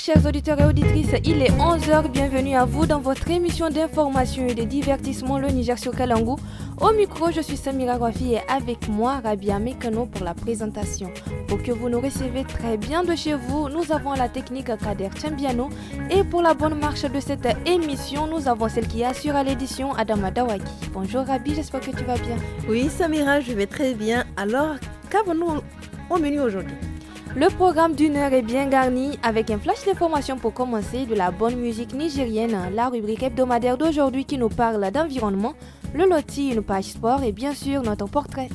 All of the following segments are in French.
chers auditeurs et auditrices, il est 11h. Bienvenue à vous dans votre émission d'information et de divertissement Le Niger sur Kalangou. Au micro, je suis Samira Rafi et avec moi Rabia Mekano pour la présentation. Pour que vous nous recevez très bien de chez vous, nous avons la technique Kader Tchambiano. et pour la bonne marche de cette émission, nous avons celle qui assure à l'édition Adama Dawaki. Bonjour Rabi, j'espère que tu vas bien. Oui Samira, je vais très bien. Alors, qu'avons-nous au menu aujourd'hui le programme d'une heure est bien garni avec un flash d'information pour commencer de la bonne musique nigérienne, la rubrique hebdomadaire d'aujourd'hui qui nous parle d'environnement, le loti, une page sport et bien sûr notre portrait.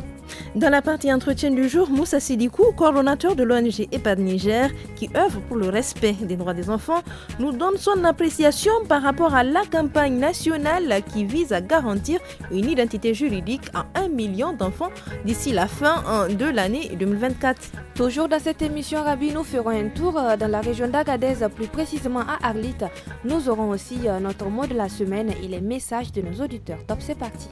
Dans la partie entretien du jour, Moussa Sidikou, coordonnateur de l'ONG EPAD Niger, qui œuvre pour le respect des droits des enfants, nous donne son appréciation par rapport à la campagne nationale qui vise à garantir une identité juridique à un million d'enfants d'ici la fin hein, de l'année 2024. Toujours dans cette émission, Rabi, nous ferons un tour euh, dans la région d'Agadez, plus précisément à Arlit. Nous aurons aussi euh, notre mot de la semaine et les messages de nos auditeurs. Top, c'est parti.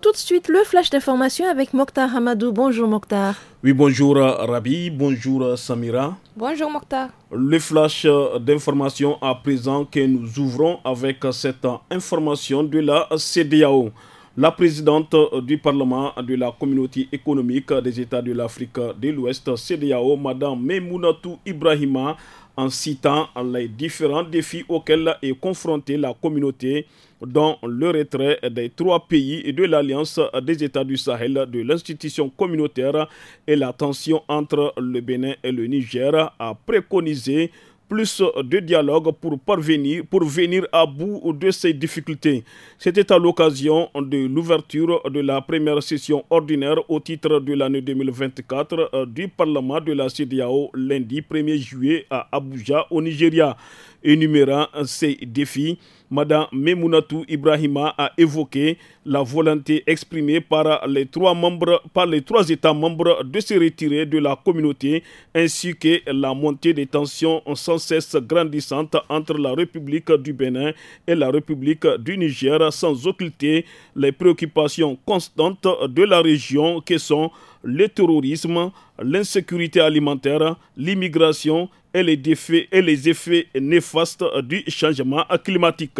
Tout de suite, le flash d'information avec Mokhtar Hamadou. Bonjour Mokhtar. Oui, bonjour Rabi, bonjour Samira. Bonjour Mokhtar. Le flash d'information à présent que nous ouvrons avec cette information de la CDAO. La présidente du Parlement de la Communauté économique des États de l'Afrique de l'Ouest, CDAO, Madame Memounatou Ibrahima, en citant les différents défis auxquels est confrontée la communauté, dont le retrait des trois pays et de l'Alliance des États du Sahel de l'institution communautaire et la tension entre le Bénin et le Niger, a préconisé plus de dialogue pour parvenir, pour venir à bout de ces difficultés. C'était à l'occasion de l'ouverture de la première session ordinaire au titre de l'année 2024 euh, du Parlement de la CDAO lundi 1er juillet à Abuja au Nigeria énumérant ces défis. Madame Memounatou Ibrahima a évoqué la volonté exprimée par les trois membres, par les trois États membres de se retirer de la communauté, ainsi que la montée des tensions sans cesse grandissantes entre la République du Bénin et la République du Niger, sans occulter les préoccupations constantes de la région qui sont le terrorisme, l'insécurité alimentaire, l'immigration et les défis et les effets néfastes du changement climatique.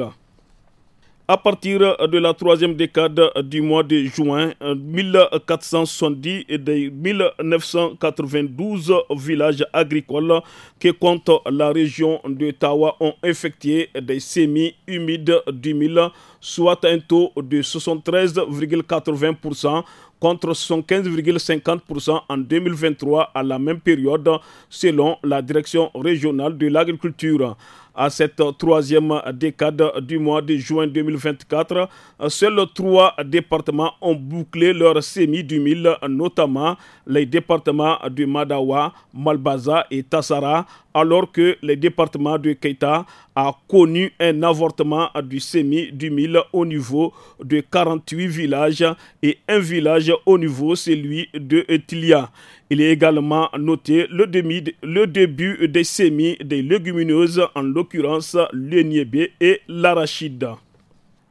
À partir de la troisième décade du mois de juin, 1470 euh, et 1992 villages agricoles qui compte la région de Tawa ont effectué des semis humides du mille, soit un taux de 73,80% contre 115,50% en 2023 à la même période, selon la direction régionale de l'agriculture à cette troisième décade du mois de juin 2024. Seuls trois départements ont bouclé leur semi 2000 notamment les départements de Madawa, Malbaza et Tassara, alors que le département de Keita a connu un avortement du semi du mille au niveau de 48 villages et un village au niveau, celui de Tilia. Il est également noté le, le début des semis des légumineuses, en l'occurrence le niébé et l'arachide.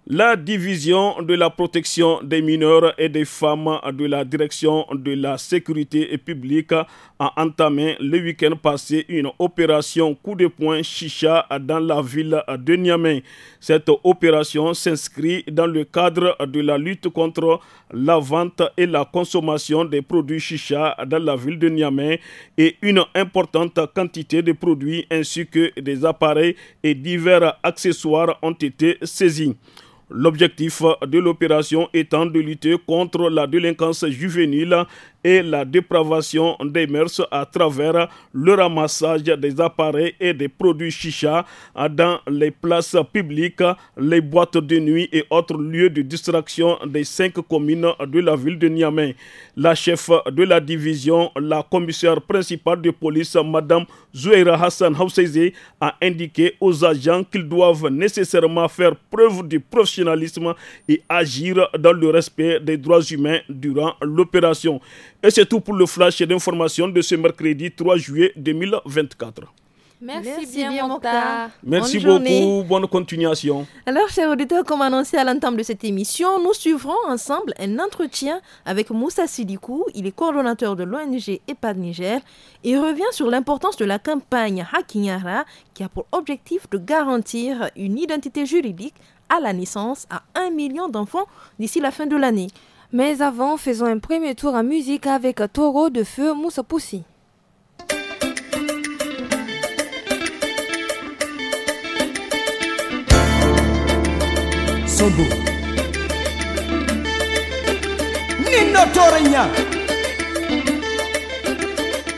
La division de la protection des mineurs et des femmes de la direction de la sécurité publique a entamé le week-end passé une opération coup de poing chicha dans la ville de Niamey. Cette opération s'inscrit dans le cadre de la lutte contre la vente et la consommation des produits chicha dans la ville de Niamey et une importante quantité de produits ainsi que des appareils et divers accessoires ont été saisis. L'objectif de l'opération étant de lutter contre la délinquance juvénile et la dépravation des mœurs à travers le ramassage des appareils et des produits chicha dans les places publiques, les boîtes de nuit et autres lieux de distraction des cinq communes de la ville de Niamey. La chef de la division, la commissaire principale de police, Madame Zouéra Hassan Houssezi, a indiqué aux agents qu'ils doivent nécessairement faire preuve de professionnalisme et agir dans le respect des droits humains durant l'opération. Et c'est tout pour le flash d'information de ce mercredi 3 juillet 2024. Merci, bien, Mokhtar. Merci beaucoup. Bonne continuation. Alors, chers auditeurs, comme annoncé à l'entente de cette émission, nous suivrons ensemble un entretien avec Moussa Sidikou. Il est coordonnateur de l'ONG EPAD Niger. et revient sur l'importance de la campagne Hakinyara qui a pour objectif de garantir une identité juridique à la naissance à un million d'enfants d'ici la fin de l'année. Mais avant, faisons un premier tour en musique avec Taureau de feu Moussa Poussi. Sobo Nino Torenya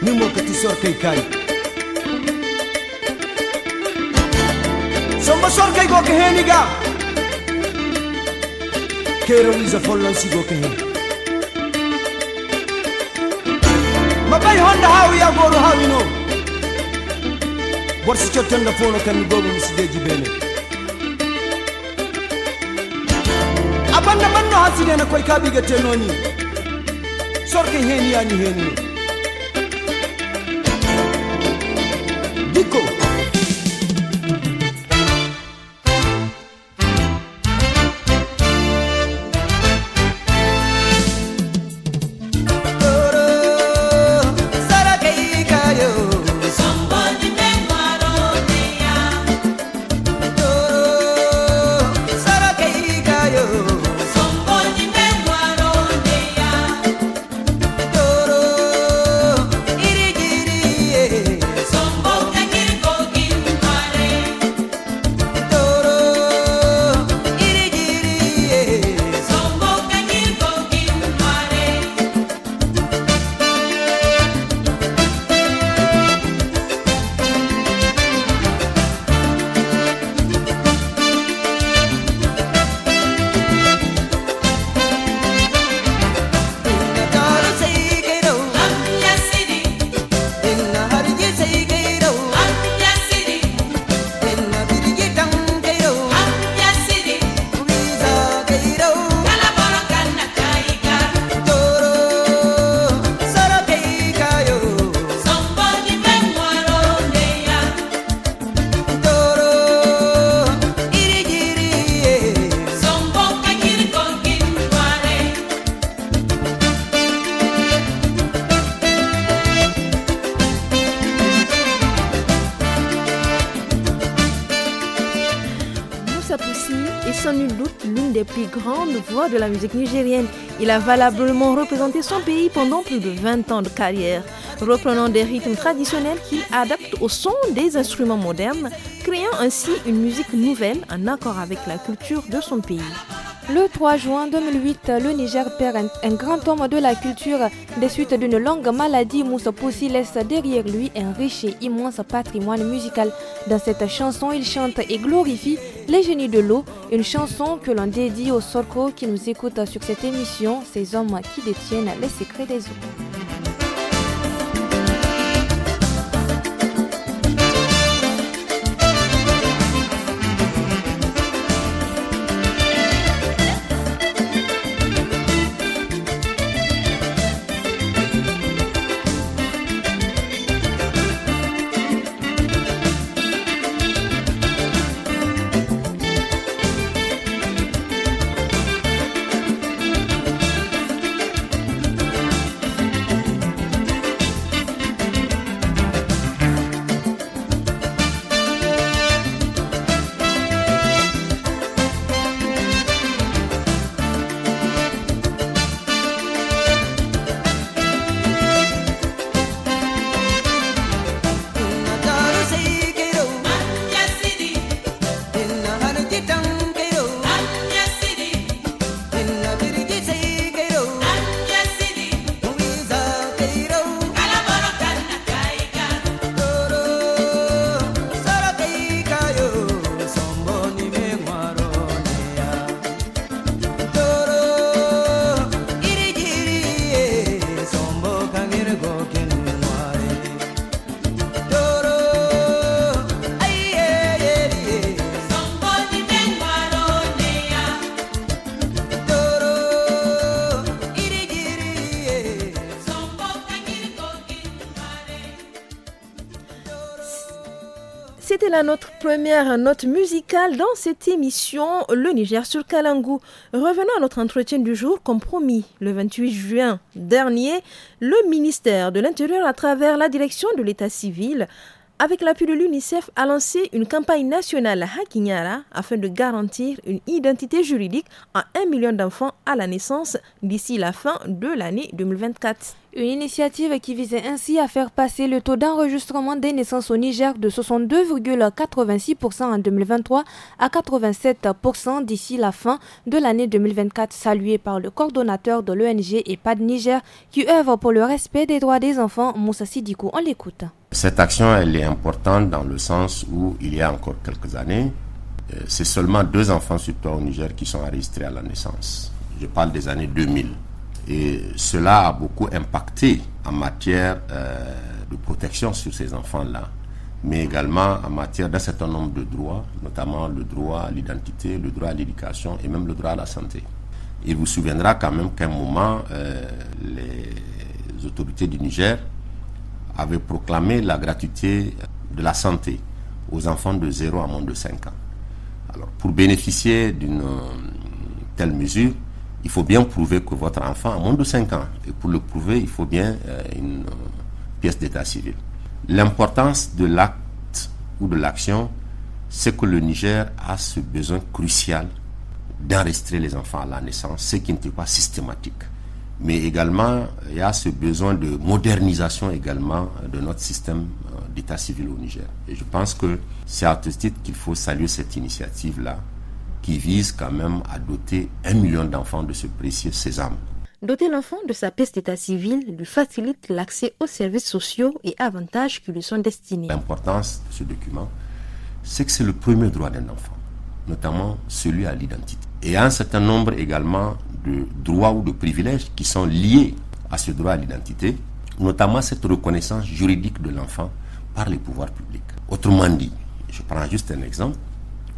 Nimo Katisor Kaikai Somo sors Kaiko Keheniga kera wiza e follan sigo ke hen mabay honda hawi ya goru hawi no borsi cottonda fono kammi gogo misideji bene a banda banno ha sidena koye kaɓigete noni sorke hen yani heni no dikko de la musique nigérienne. Il a valablement représenté son pays pendant plus de 20 ans de carrière, reprenant des rythmes traditionnels qu'il adapte au son des instruments modernes, créant ainsi une musique nouvelle en accord avec la culture de son pays. Le 3 juin 2008, le Niger perd un, grand homme de la culture des suites d'une longue maladie. Moussa Poussi laisse derrière lui un riche et immense patrimoine musical. Dans cette chanson, il chante et glorifie les génies de l'eau, une chanson que l'on dédie aux Sorco qui nous écoutent sur cette émission, ces hommes qui détiennent les secrets des eaux. notre première note musicale dans cette émission Le Niger sur Kalangou. Revenons à notre entretien du jour. Comme promis, le 28 juin dernier, le ministère de l'Intérieur, à travers la direction de l'État civil, avec l'appui de l'UNICEF, a lancé une campagne nationale à Hakinyara afin de garantir une identité juridique à un million d'enfants à la naissance d'ici la fin de l'année 2024. Une initiative qui visait ainsi à faire passer le taux d'enregistrement des naissances au Niger de 62,86% en 2023 à 87% d'ici la fin de l'année 2024, salué par le coordonnateur de l'ONG EPAD Niger qui œuvre pour le respect des droits des enfants, Moussa Sidikou. On l'écoute. Cette action, elle est importante dans le sens où, il y a encore quelques années, euh, c'est seulement deux enfants sur trois au Niger qui sont enregistrés à la naissance. Je parle des années 2000. Et cela a beaucoup impacté en matière euh, de protection sur ces enfants-là, mais également en matière d'un certain nombre de droits, notamment le droit à l'identité, le droit à l'éducation et même le droit à la santé. Il vous souviendra quand même qu'à un moment, euh, les autorités du Niger avait proclamé la gratuité de la santé aux enfants de 0 à moins de 5 ans. Alors, pour bénéficier d'une euh, telle mesure, il faut bien prouver que votre enfant a moins de 5 ans. Et pour le prouver, il faut bien euh, une euh, pièce d'état civil. L'importance de l'acte ou de l'action, c'est que le Niger a ce besoin crucial d'enregistrer les enfants à la naissance, ce qui n'était pas systématique. Mais également, il y a ce besoin de modernisation également euh, de notre système euh, d'état civil au Niger. Et je pense que c'est à ce titre qu'il faut saluer cette initiative-là, qui vise quand même à doter un million d'enfants de ce précieux sésame. Doter l'enfant de sa pièce d'état civil lui facilite l'accès aux services sociaux et avantages qui lui sont destinés. L'importance de ce document, c'est que c'est le premier droit d'un enfant, notamment celui à l'identité. Et un certain nombre également de droits ou de privilèges qui sont liés à ce droit à l'identité, notamment cette reconnaissance juridique de l'enfant par les pouvoirs publics. Autrement dit, je prends juste un exemple,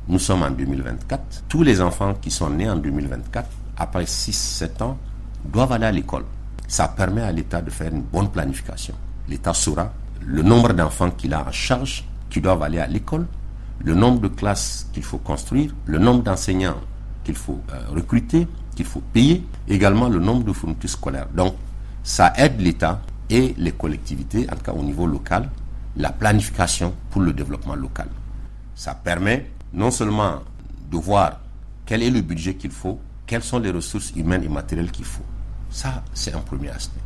nous sommes en 2024, tous les enfants qui sont nés en 2024, après 6-7 ans, doivent aller à l'école. Ça permet à l'État de faire une bonne planification. L'État saura le nombre d'enfants qu'il a en charge, qui doivent aller à l'école, le nombre de classes qu'il faut construire, le nombre d'enseignants qu'il faut euh, recruter, qu'il faut payer, également le nombre de fournitures scolaires. Donc, ça aide l'État et les collectivités, en tout cas au niveau local, la planification pour le développement local. Ça permet non seulement de voir quel est le budget qu'il faut, quelles sont les ressources humaines et matérielles qu'il faut. Ça, c'est un premier aspect.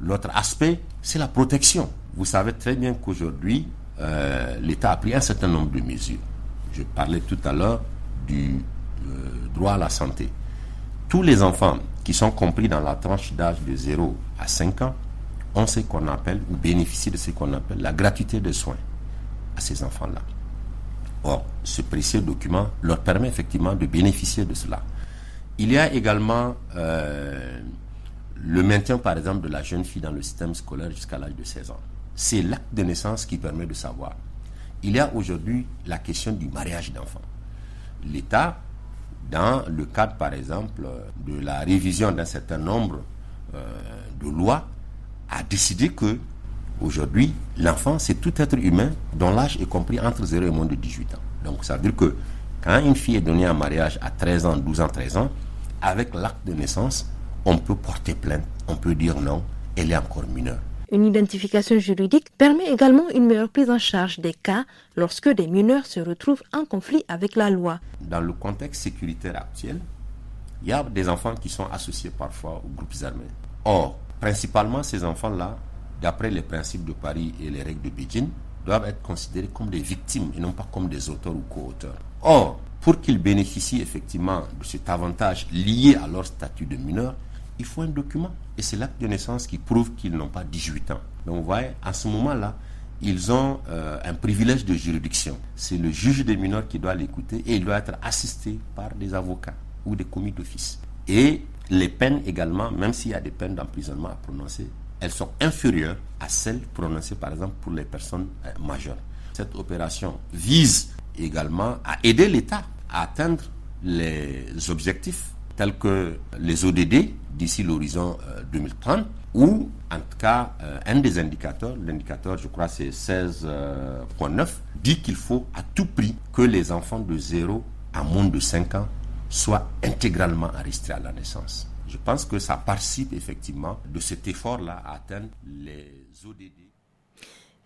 L'autre aspect, c'est la protection. Vous savez très bien qu'aujourd'hui, euh, l'État a pris un certain nombre de mesures. Je parlais tout à l'heure du euh, droit à la santé. Tous les enfants qui sont compris dans la tranche d'âge de 0 à 5 ans ont ce qu'on appelle, ou bénéficient de ce qu'on appelle, la gratuité de soins à ces enfants-là. Or, ce précieux document leur permet effectivement de bénéficier de cela. Il y a également euh, le maintien, par exemple, de la jeune fille dans le système scolaire jusqu'à l'âge de 16 ans. C'est l'acte de naissance qui permet de savoir. Il y a aujourd'hui la question du mariage d'enfants. L'État dans le cadre, par exemple, de la révision d'un certain nombre euh, de lois, a décidé que aujourd'hui, l'enfant, c'est tout être humain dont l'âge est compris entre 0 et moins de 18 ans. Donc, ça veut dire que quand une fille est donnée en mariage à 13 ans, 12 ans, 13 ans, avec l'acte de naissance, on peut porter plainte, on peut dire non, elle est encore mineure. Une identification juridique permet également une meilleure prise en charge des cas lorsque des mineurs se retrouvent en conflit avec la loi. Dans le contexte sécuritaire actuel, il y a des enfants qui sont associés parfois aux groupes armés. Or, principalement ces enfants-là, d'après les principes de Paris et les règles de Beijing, doivent être considérés comme des victimes et non pas comme des auteurs ou co-auteurs. Or, pour qu'ils bénéficient effectivement de cet avantage lié à leur statut de mineur, il faut un document. Et c'est l'acte de naissance qui prouve qu'ils n'ont pas 18 ans. Donc vous voyez, à ce moment-là, ils ont euh, un privilège de juridiction. C'est le juge des mineurs qui doit l'écouter et il doit être assisté par des avocats ou des commis d'office. Et les peines également, même s'il y a des peines d'emprisonnement à prononcer, elles sont inférieures à celles prononcées par exemple pour les personnes euh, majeures. Cette opération vise également à aider l'État à atteindre les objectifs tels que les ODD d'ici l'horizon 2030, euh, ou en tout cas euh, un des indicateurs, l'indicateur je crois c'est 16.9, euh, dit qu'il faut à tout prix que les enfants de 0 à moins de 5 ans soient intégralement enregistrés à la naissance. Je pense que ça participe effectivement de cet effort-là à atteindre les ODD.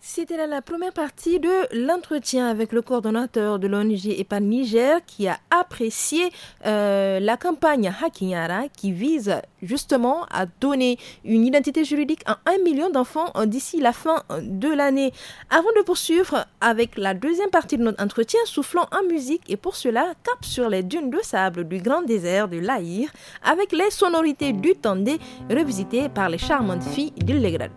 C'était la première partie de l'entretien avec le coordonnateur de l'ONG Epan Niger qui a apprécié euh, la campagne Hakinyara qui vise justement à donner une identité juridique à un million d'enfants euh, d'ici la fin euh, de l'année. Avant de poursuivre avec la deuxième partie de notre entretien, soufflons en musique et pour cela, cap sur les dunes de sable du grand désert de l'Aïr avec les sonorités du Tandé revisitées par les charmantes filles d'Illegrad.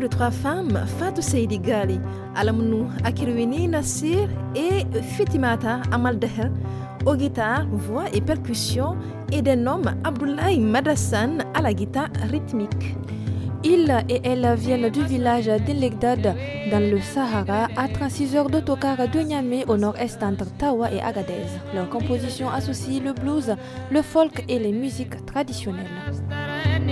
de trois femmes, Fatou Seydi Gali, Alamnou Akirwini Nassir et Fitimata Amaldeher aux guitares, voix et percussions, et des homme, Abdoulaye Madassan, à la guitare rythmique. Il et elles viennent du village d'Inlegdad dans le Sahara, à 36 heures d'autocar de Niamey au nord-est entre Tawa et Agadez. Leur composition associe le blues, le folk et les musiques traditionnelles.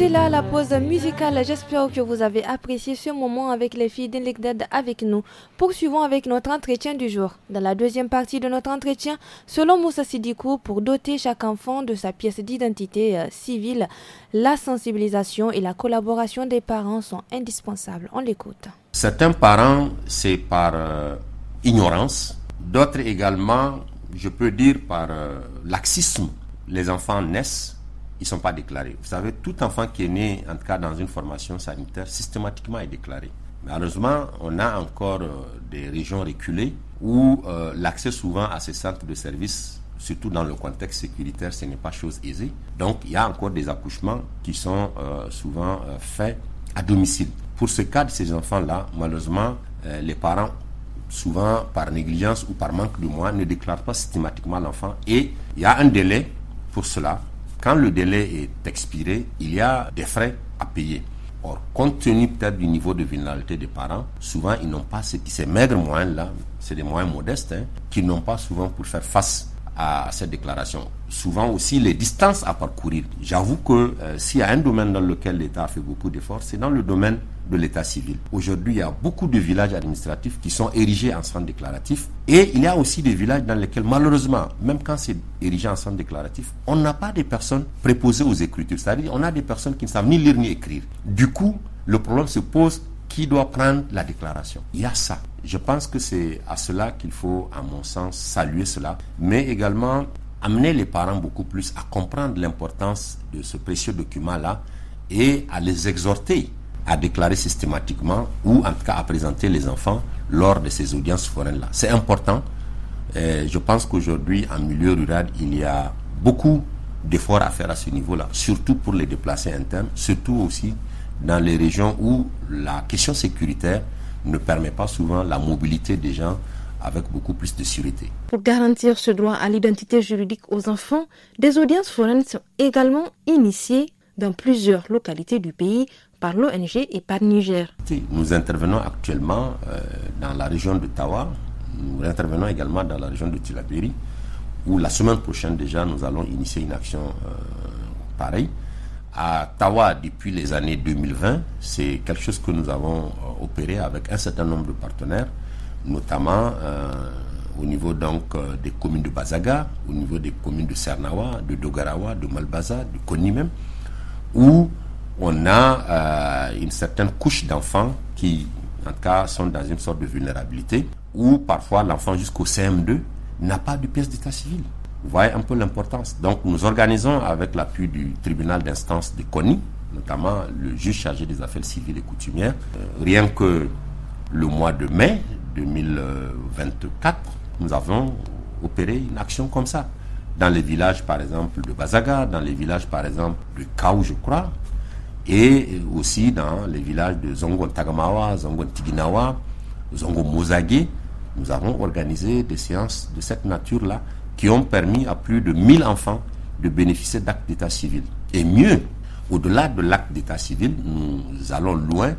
C'est là la pause musicale. J'espère que vous avez apprécié ce moment avec les filles d'Inlegdad avec nous. Poursuivons avec notre entretien du jour. Dans la deuxième partie de notre entretien, selon Moussa Sidikou, pour doter chaque enfant de sa pièce d'identité euh, civile, la sensibilisation et la collaboration des parents sont indispensables. On l'écoute. Certains parents, c'est par euh, ignorance. D'autres également, je peux dire par euh, laxisme. Les enfants naissent ils ne sont pas déclarés. Vous savez, tout enfant qui est né, en tout cas dans une formation sanitaire, systématiquement est déclaré. Malheureusement, on a encore euh, des régions reculées où euh, l'accès souvent à ces centres de services, surtout dans le contexte sécuritaire, ce n'est pas chose aisée. Donc, il y a encore des accouchements qui sont euh, souvent faits à domicile. Pour ce cas de ces enfants-là, malheureusement, les parents, souvent par négligence ou par manque de moyens, ne déclarent pas systématiquement l'enfant. Et il y a un délai pour cela quand le délai est expiré, il y a des frais à payer. Or, compte tenu peut-être du niveau de vulnérabilité des parents, souvent ils n'ont pas ces, ces maigres moyens-là, c'est des moyens modestes, hein, qu'ils n'ont pas souvent pour faire face à cette déclaration. Souvent aussi les distances à parcourir. J'avoue que euh, s'il y a un domaine dans lequel l'État a fait beaucoup d'efforts, c'est dans le domaine de l'état civil. Aujourd'hui, il y a beaucoup de villages administratifs qui sont érigés en centre déclaratif et il y a aussi des villages dans lesquels malheureusement, même quand c'est érigé en centre déclaratif, on n'a pas des personnes préposées aux écritures, c'est-à-dire on a des personnes qui ne savent ni lire ni écrire. Du coup, le problème se pose qui doit prendre la déclaration. Il y a ça. Je pense que c'est à cela qu'il faut, à mon sens, saluer cela, mais également amener les parents beaucoup plus à comprendre l'importance de ce précieux document-là et à les exhorter à déclarer systématiquement ou en tout cas à présenter les enfants lors de ces audiences foraines-là. C'est important. Euh, je pense qu'aujourd'hui, en milieu rural, il y a beaucoup d'efforts à faire à ce niveau-là, surtout pour les déplacés internes, surtout aussi dans les régions où la question sécuritaire ne permet pas souvent la mobilité des gens avec beaucoup plus de sûreté. Pour garantir ce droit à l'identité juridique aux enfants, des audiences foraines sont également initiées dans plusieurs localités du pays par l'ONG et par Niger. Nous intervenons actuellement euh, dans la région de Tawa, nous intervenons également dans la région de Tilaberi, où la semaine prochaine déjà nous allons initier une action euh, pareille. À Tawa, depuis les années 2020, c'est quelque chose que nous avons euh, opéré avec un certain nombre de partenaires, notamment au niveau donc des communes de Bazaga, au niveau des communes de Sernawa, de Dogarawa, de Malbaza, de Koni même, où on a euh, une certaine couche d'enfants qui, en tout cas, sont dans une sorte de vulnérabilité, où parfois l'enfant jusqu'au CM2 n'a pas de pièce d'état civil. Vous voyez un peu l'importance. Donc nous organisons avec l'appui du tribunal d'instance de CONI, notamment le juge chargé des affaires civiles et coutumières, euh, rien que le mois de mai 2024, nous avons opéré une action comme ça. Dans les villages, par exemple, de Bazaga, dans les villages, par exemple, de Kao, je crois, et aussi dans les villages de Zongo Tagamawa, Zongo Tiginawa, Zongo Mozagé, nous avons organisé des séances de cette nature-là qui ont permis à plus de 1000 enfants de bénéficier d'actes d'état civil. Et mieux, au-delà de l'acte d'état civil, nous allons loin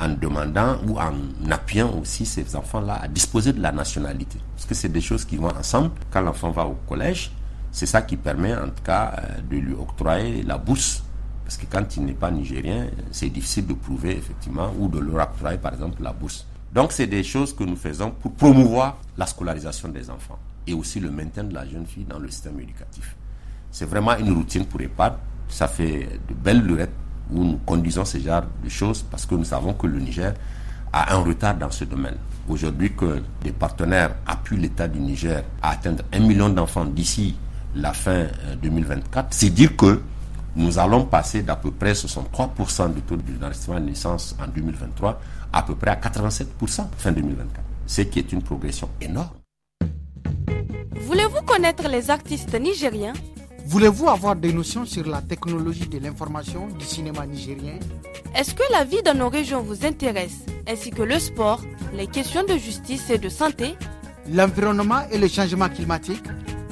en demandant ou en appuyant aussi ces enfants-là à disposer de la nationalité. Parce que c'est des choses qui vont ensemble. Quand l'enfant va au collège, c'est ça qui permet en tout cas euh, de lui octroyer la bourse parce que quand il n'est pas nigérien, c'est difficile de prouver effectivement ou de leur octroyer par exemple la bourse. Donc c'est des choses que nous faisons pour promouvoir la scolarisation des enfants et aussi le maintien de la jeune fille dans le système éducatif. C'est vraiment une routine pour EHPAD. Ça fait de belles lurettes où nous conduisons ce genre de choses parce que nous savons que le Niger a un retard dans ce domaine. Aujourd'hui que des partenaires appuient l'État du Niger à atteindre un million d'enfants d'ici la fin 2024, euh, c'est dire que nous allons passer d'à peu près 63% du taux d'investissement de naissance en 2023 à peu près à 87% fin 2024, ce qui est une progression énorme. Voulez-vous connaître les artistes nigériens Voulez-vous avoir des notions sur la technologie de l'information du cinéma nigérien Est-ce que la vie dans nos régions vous intéresse, ainsi que le sport, les questions de justice et de santé L'environnement et le changement climatique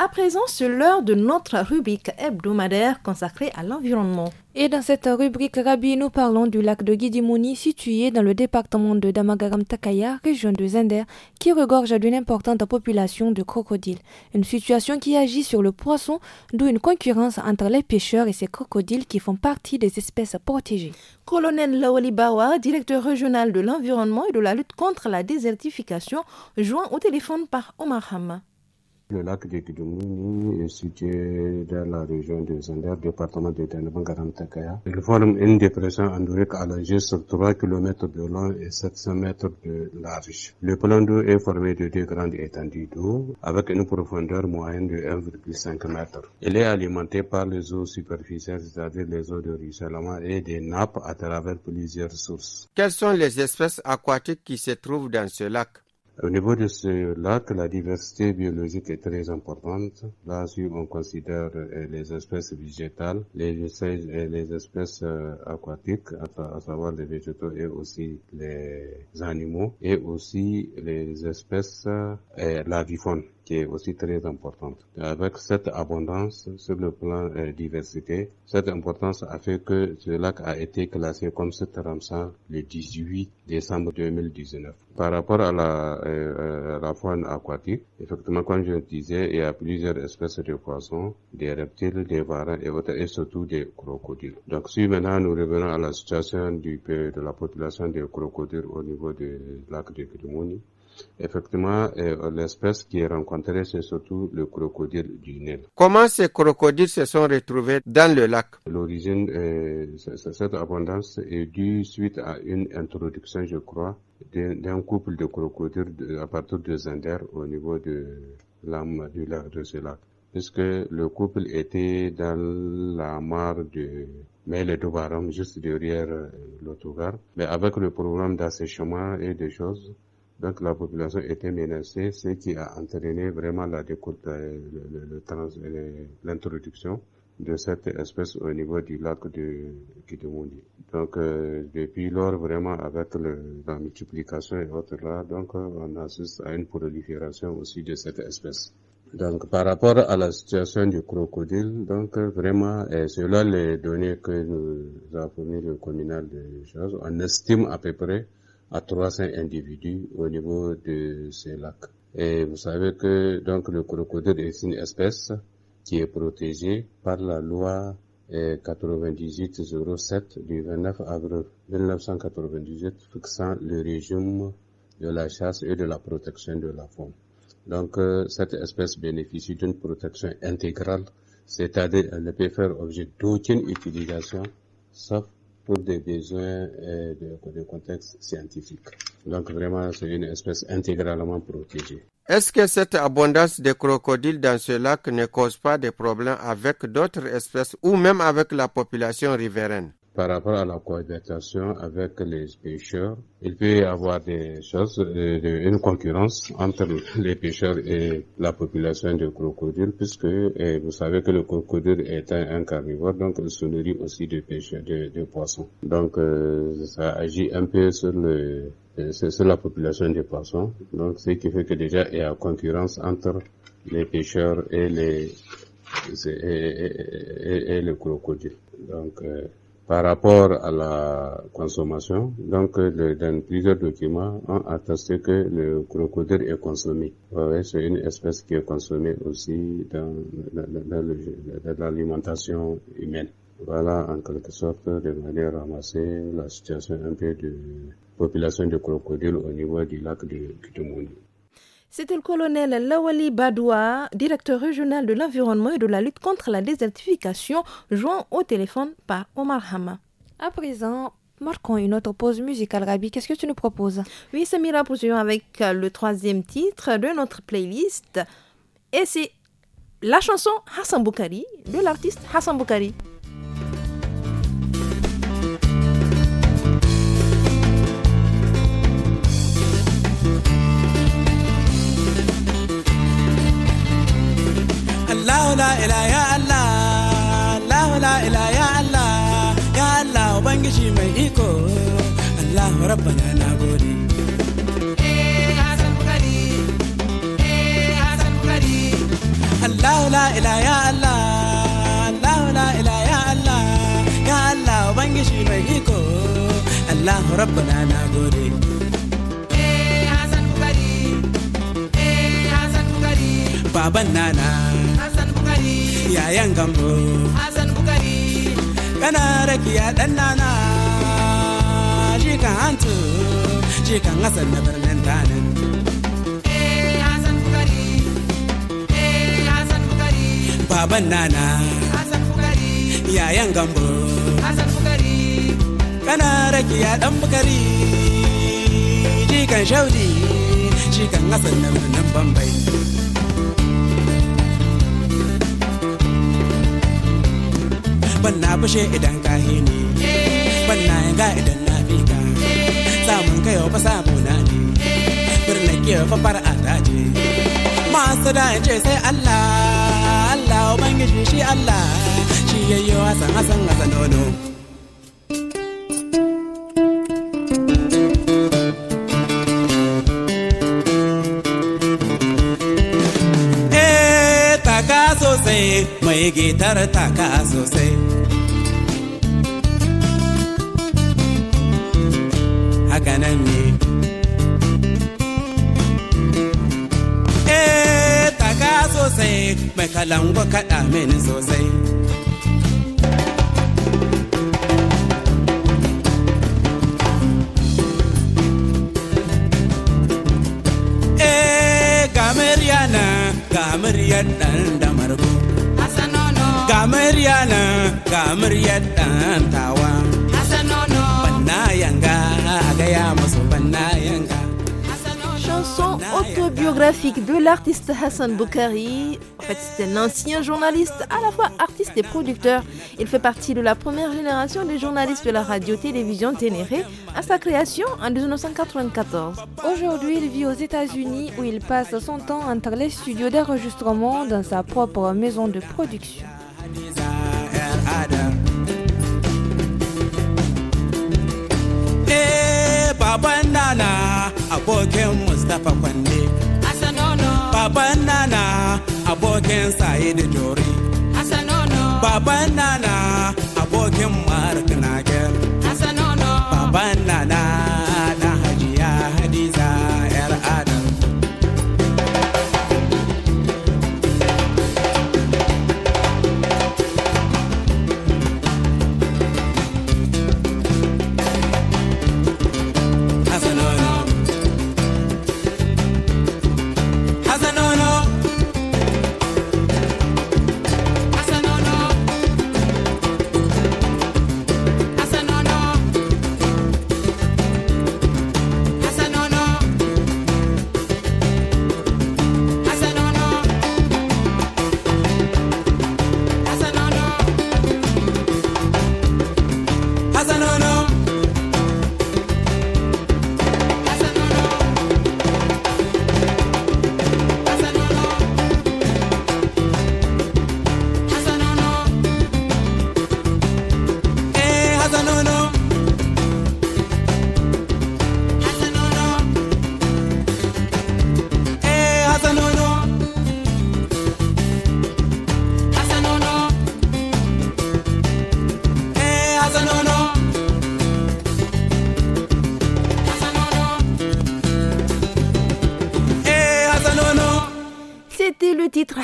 À présent, c'est l'heure de notre rubrique hebdomadaire consacrée à l'environnement. Et dans cette rubrique Rabi, nous parlons du lac de Guidimouni situé dans le département de Damagaram Takaya, région de Zender, qui regorge d'une importante population de crocodiles. Une situation qui agit sur le poisson, d'où une concurrence entre les pêcheurs et ces crocodiles qui font partie des espèces protégées. Colonel Lawali Bawa, directeur régional de l'environnement et de la lutte contre la désertification, joint au téléphone par Omar Hamma. Le lac de Kidumuni est situé dans la région de Zander, département de Il forme une dépression endorique allongée sur 3 km de long et 700 mètres de large. Le plan d'eau est formé de deux grandes étendues d'eau avec une profondeur moyenne de 1,5 m. Il est alimenté par les eaux superficielles, c'est-à-dire les eaux de ruissellement et des nappes à travers plusieurs sources. Quelles sont les espèces aquatiques qui se trouvent dans ce lac au niveau de ce lac, la diversité biologique est très importante. Là, si on considère euh, les espèces végétales, les les espèces euh, aquatiques, à, savoir les végétaux et aussi les animaux, et aussi les espèces euh, la faune qui est aussi très importante. Avec cette abondance sur le plan euh, diversité, cette importance a fait que ce lac a été classé comme site Ramsar le 18 décembre 2019. Par rapport à la, euh, euh, la faune aquatique, effectivement, comme je le disais, il y a plusieurs espèces de poissons, des reptiles, des varans et, surtout des crocodiles. Donc si maintenant nous revenons à la situation du, de la population des crocodiles au niveau du lac de Grimouni, Effectivement, euh, l'espèce qui est rencontrée, c'est surtout le crocodile du Nil. Comment ces crocodiles se sont retrouvés dans le lac L'origine, de euh, cette abondance est due suite à une introduction, je crois, d'un couple de crocodiles à partir de Zander au niveau de l'âme du lac de ce lac. Puisque le couple était dans la mare de mais juste derrière euh, l'autogar. Mais avec le programme d'assèchement et des choses, donc la population était menacée, ce qui a entraîné vraiment la découverte, euh, l'introduction de cette espèce au niveau du lac de Kidemoundi. Donc euh, depuis lors, vraiment avec la multiplication et autres là, donc euh, on assiste à une prolifération aussi de cette espèce. Donc par rapport à la situation du crocodile, donc vraiment, et selon les données que nous a fournies le communal de choses, on estime à peu près à 300 individus au niveau de ces lacs Et vous savez que donc le crocodile est une espèce qui est protégée par la loi 9807 euh, du 29 avril 1998 fixant le régime de la chasse et de la protection de la faune. Donc euh, cette espèce bénéficie d'une protection intégrale, c'est-à-dire elle ne peut faire objet d'aucune utilisation sauf pour des besoins euh, de, contexte scientifique. Donc vraiment, c'est une espèce intégralement protégée. Est-ce que cette abondance de crocodiles dans ce lac ne cause pas de problèmes avec d'autres espèces ou même avec la population riveraine par rapport à la cohabitation avec les pêcheurs, il peut y avoir des choses, euh, une concurrence entre les pêcheurs et la population de crocodiles, puisque euh, vous savez que le crocodile est un, carnivore, donc il se nourrit aussi de pêcheurs, de, poissons. Donc euh, ça agit un peu sur le sur la population de poissons, donc ce qui fait que déjà il y a concurrence entre les pêcheurs et les et, et le crocodile. Donc euh, par rapport à la consommation. Donc, dans plusieurs documents, on atteste que le crocodile est consommé. Ouais, c'est une espèce qui est consommée aussi dans, l'alimentation humaine. Voilà, en quelque sorte, de manière ramassée, la situation un peu de population de crocodiles au niveau du lac de Kutumuni. C'était le colonel Lawali Badoua, directeur régional de l'environnement et de la lutte contre la désertification, joint au téléphone par Omar Hama. À présent, marquons une autre pause musicale. Rabi, qu'est-ce que tu nous proposes Oui, Samira, poursuivons avec euh, le troisième titre de notre playlist. Et c'est la chanson Hassan Boukari de l'artiste Hassan Boukari. la ilaha ya Allah la la ila ya Allah ya Allah ubangiji mai iko Allah rabbana na gode Allahu la ila ya Allah Allah la ila ya Allah ya Allah ubangiji mai iko Allah rabbana na gode eh, eh, baban nana Hassan Bukari ya gambo Hassan Bukari kana jika dan nana jikan hantu jikan Hassan eh birnin tanin eh, eh, Baban nana Hassan Bukari yayan gambo Hassan Bukari kana ya dan Bukari Jika shaudi jikan Hassan na birnin Bambai ban na bushe idan ka hini ban na yanga idan na fi ka samun kai fa samu na ne birnin ke far'a ta masu da ce sai Allah Allah ubangiji shi Allah shi yayyo hasan hasan hasan nono моей гитары так азусы. Аканани. Eh, taka sosai, mai kalango kaɗa mini sosai. ga muryana ga muryar ɗan chanson autobiographique de l'artiste Hassan Boukhari En fait, c'est un ancien journaliste, à la fois artiste et producteur. Il fait partie de la première génération des journalistes de la radio-télévision Ténéré à sa création en 1994. Aujourd'hui, il vit aux États-Unis où il passe son temps entre les studios d'enregistrement dans sa propre maison de production. Baban Nana abokin Mustafa Kwande. Asanono. Baban Nana abokin Sa'idu Jori. Asanono. Baban Nana abokin Mark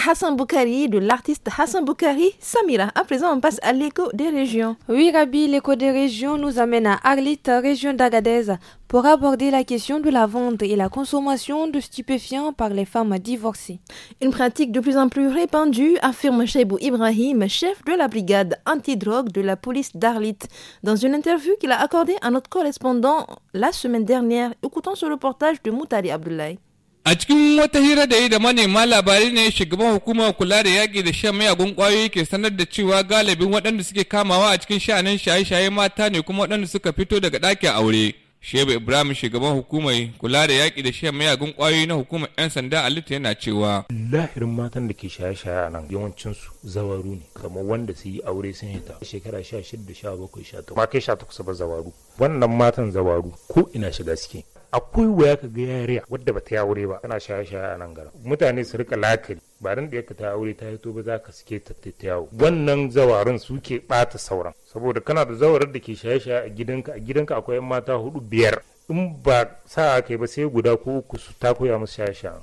Hassan Boukari de l'artiste Hassan Boukari, Samira. À présent, on passe à l'écho des régions. Oui, Rabi, l'écho des régions nous amène à Arlit, région d'Agadez, pour aborder la question de la vente et la consommation de stupéfiants par les femmes divorcées. Une pratique de plus en plus répandue, affirme Cheibou Ibrahim, chef de la brigade antidrogue de la police d'Arlit, dans une interview qu'il a accordée à notre correspondant la semaine dernière. écoutant ce reportage de Moutari Abdoulaye. A cikin wata hira da yi da manema labarai ne shugaban hukumar kula da yaƙi da shan miyagun ƙwayoyi ke sanar da cewa galibin waɗanda suke kamawa a cikin sha'anin shaye-shaye mata ne kuma waɗanda suka fito daga ɗakin aure. Shehu Ibrahim shugaban hukumar kula da yaƙi da shan miyagun ƙwayoyi na hukumar 'yan sanda a Lita yana cewa. Lahirin matan da ke shaye-shaye a nan yawancinsu zawaru ne kamar wanda su yi aure sun hita shekara sha shida sha bakwai sha takwas. Ma kai sha ba zawaru. Wannan matan zawaru ko ina shiga suke. akwai waya ka ga yariya wadda ba ta yi aure ba tana shaye shaye a nan garin mutane su rika lakari ba ran da ta aure ta hito ba za ka suke ta ta yawo wannan zawarin suke bata sauran saboda kana da zawarar da ke shaye shaye a gidanka a gidanka akwai mata hudu biyar in ba sa kai ba sai guda ko uku su ta koya musu shaye shaye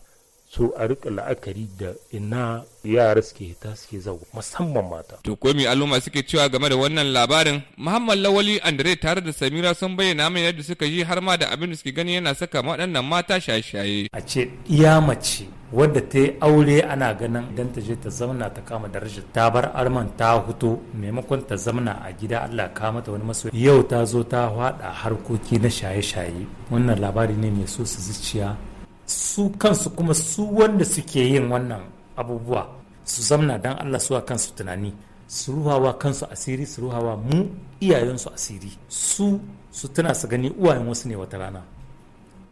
so a rika la'akari da ina yara suke ta suke zau musamman mata. To ko mai al'umma suke cewa game da wannan labarin Muhammad Lawali Andre tare da Samira sun bayyana min yadda suka yi har ma da abin da suke gani yana saka waɗannan mata shaye-shaye. A ce iya mace wadda ta yi aure ana ganin idan ta je ta zauna ta kama darajar ta bar arman ta huto maimakon ta zauna a gida Allah ka mata wani maso yau ta zo ta hada harkoki na shaye-shaye wannan labari ne mai so su zuciya su kansu kuma su wanda suke yin wannan abubuwa su zamna don Allah suwa kansu tunani su ruhawa kansu asiri su ruhawa mu iyayensu asiri su su tuna su gani uwayen wasu ne wata rana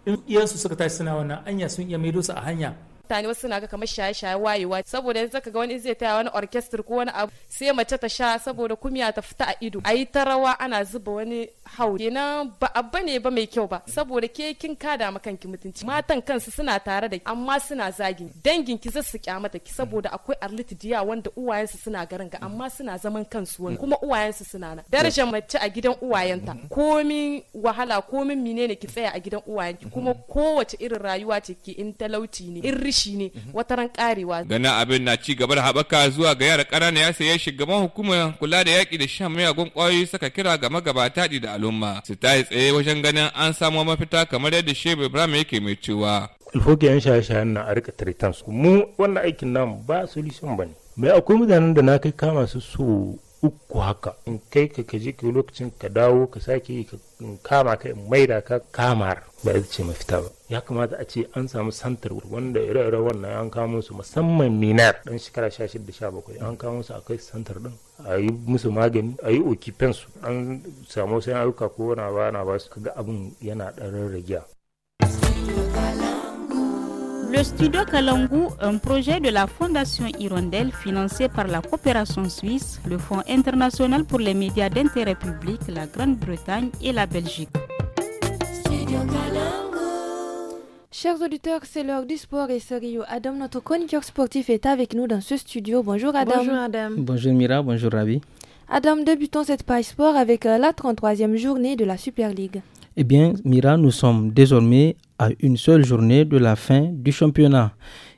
in iyansu suka tashi suna wannan anya sun iya maido su a hanya mutane wasu na kamar shaye-shaye wayewa saboda yanzu ka ga wani zai taya wani orchestra ko wani abu sai mace ta sha saboda kumiya ta fita a ido ayi ta rawa ana zuba wani hau kenan ba abba ne ba mai kyau ba saboda ke kin kada ma ki mutunci matan kansu suna tare da amma suna zagi dangin ki zasu kyamata ki saboda akwai arliti diya wanda uwayensu suna garin ga amma suna zaman kansu wani kuma uwayensu suna na darajar mace a gidan uwayenta komin wahala komin menene ki tsaya a gidan uwayenki kuma kowace irin rayuwa ce ke in talauci ne in shi ne ran karewa Gana abin na ci gaba da haɓaka zuwa ga yara ƙanana ya saye shugaban hukumar kula da yaƙi da shan miyagun ƙwayoyi saka kira ga magabata da al'umma su yi tsaye wajen ganin an samo mafita kamar yadda shehu ibrahim yake mai cewa ilfoki yan shaye-shayen na a rika mu wannan aikin namu ba solution ba ne mai akwai mutanen da na kai kama su su uku haka in kai ka ka je lokacin ka dawo ka sake yi in kama ka in maida ka kamar ba ita ce mafita ba ya kamata a ce an samu santar wanda ire-ire wannan an kamo su musamman minar dan shekara 16-17 an kamo su a kai santar din a yi musu magani a yi okifen su an samu sayan ayyuka ko na ba na ba su kaga abin yana ɗan rarragiya. Le studio Kalangu, un projet de la Fondation Hirondelle financé par la coopération suisse, le Fonds international pour les médias d'intérêt public, la Grande-Bretagne et la Belgique. Chers auditeurs, c'est l'heure du sport et sérieux. Adam, notre chroniqueur sportif, est avec nous dans ce studio. Bonjour Adam. Bonjour Adam. Bonjour Mira, bonjour Ravi. Adam, débutons cette page sport avec euh, la 33e journée de la Super League. Eh bien, Mira, nous sommes désormais à une seule journée de la fin du championnat.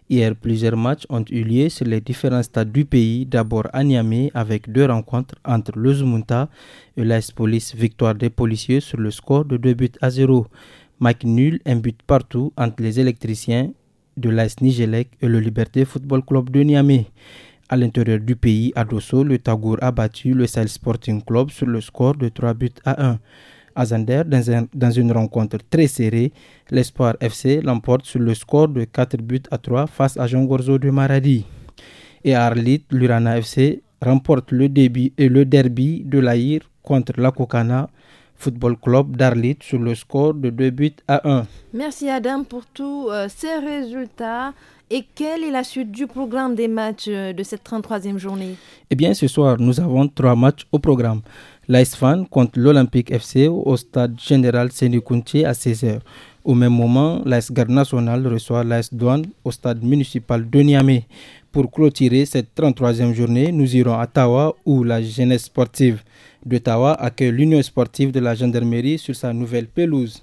Hier, plusieurs matchs ont eu lieu sur les différents stades du pays, d'abord à Niamey avec deux rencontres entre le Zumunta et l'AS Police, victoire des policiers sur le score de 2 buts à 0. Mike nul, un but partout entre les électriciens de l'AS Nigelec et le Liberté Football Club de Niamey. À l'intérieur du pays, à Dosso, le Tagour a battu le Sal Sporting Club sur le score de 3 buts à 1. Azander dans, dans une rencontre très serrée. L'Espoir FC l'emporte sur le score de 4 buts à 3 face à Jean Gorzo de Maradi. Et à Arlit, l'Urana FC remporte le, débit et le derby de l'Aïr contre la Kokana Football Club d'Arlit sur le score de 2 buts à 1. Merci Adam pour tous euh, ces résultats. Et quelle est la suite du programme des matchs euh, de cette 33e journée Eh bien, ce soir, nous avons trois matchs au programme l'Aisfan contre l'Olympique FC au stade général Sénécountier à 16h. Au même moment, l'AS Garde nationale reçoit l'AS Douane au stade municipal de Niamey. Pour clôturer cette 33e journée, nous irons à Tawa où la jeunesse sportive de Tawa accueille l'Union sportive de la gendarmerie sur sa nouvelle pelouse.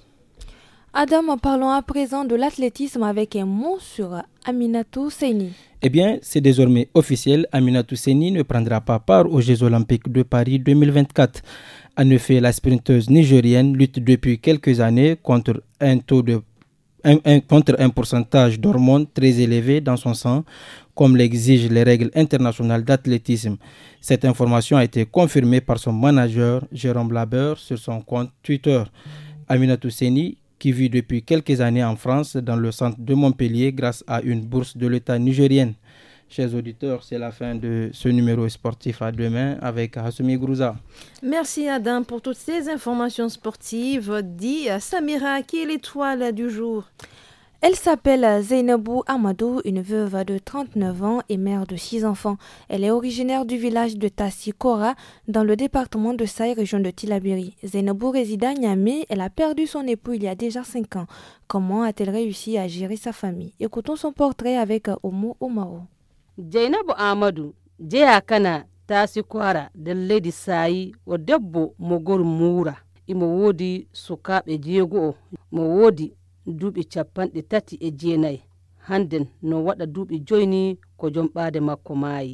Adam, parlons à présent de l'athlétisme avec un mot sur Aminatou Séné. Eh bien, c'est désormais officiel, Aminatou Seni ne prendra pas part aux Jeux olympiques de Paris 2024. En effet, la sprinteuse nigérienne lutte depuis quelques années contre un taux de contre un pourcentage d'hormones très élevé dans son sang, comme l'exigent les règles internationales d'athlétisme. Cette information a été confirmée par son manager, Jérôme Labeur, sur son compte Twitter. Aminatou Seni, qui vit depuis quelques années en France, dans le centre de Montpellier, grâce à une bourse de l'État nigérienne. Chers auditeurs, c'est la fin de ce numéro sportif à demain avec Hassoumi Grouza. Merci Adam pour toutes ces informations sportives. Dit Samira qui est l'étoile du jour. Elle s'appelle Zainabou Amadou, une veuve de 39 ans et mère de 6 enfants. Elle est originaire du village de Tassikora, dans le département de Saï, région de Tilabiri. Zainabou réside à Niamey. Elle a perdu son époux il y a déjà 5 ans. Comment a-t-elle réussi à gérer sa famille Écoutons son portrait avec euh, Omo Omaro. Zainabou Amadou, Kana, Tassikora, de Lady Saï, Odebo Mogor Moura. Imo wodi sukaɓe jeego o duuɓi capanɗe tati e jeenayi hannden no waɗa duuɓi joyni ko jom ɓaade makko maayi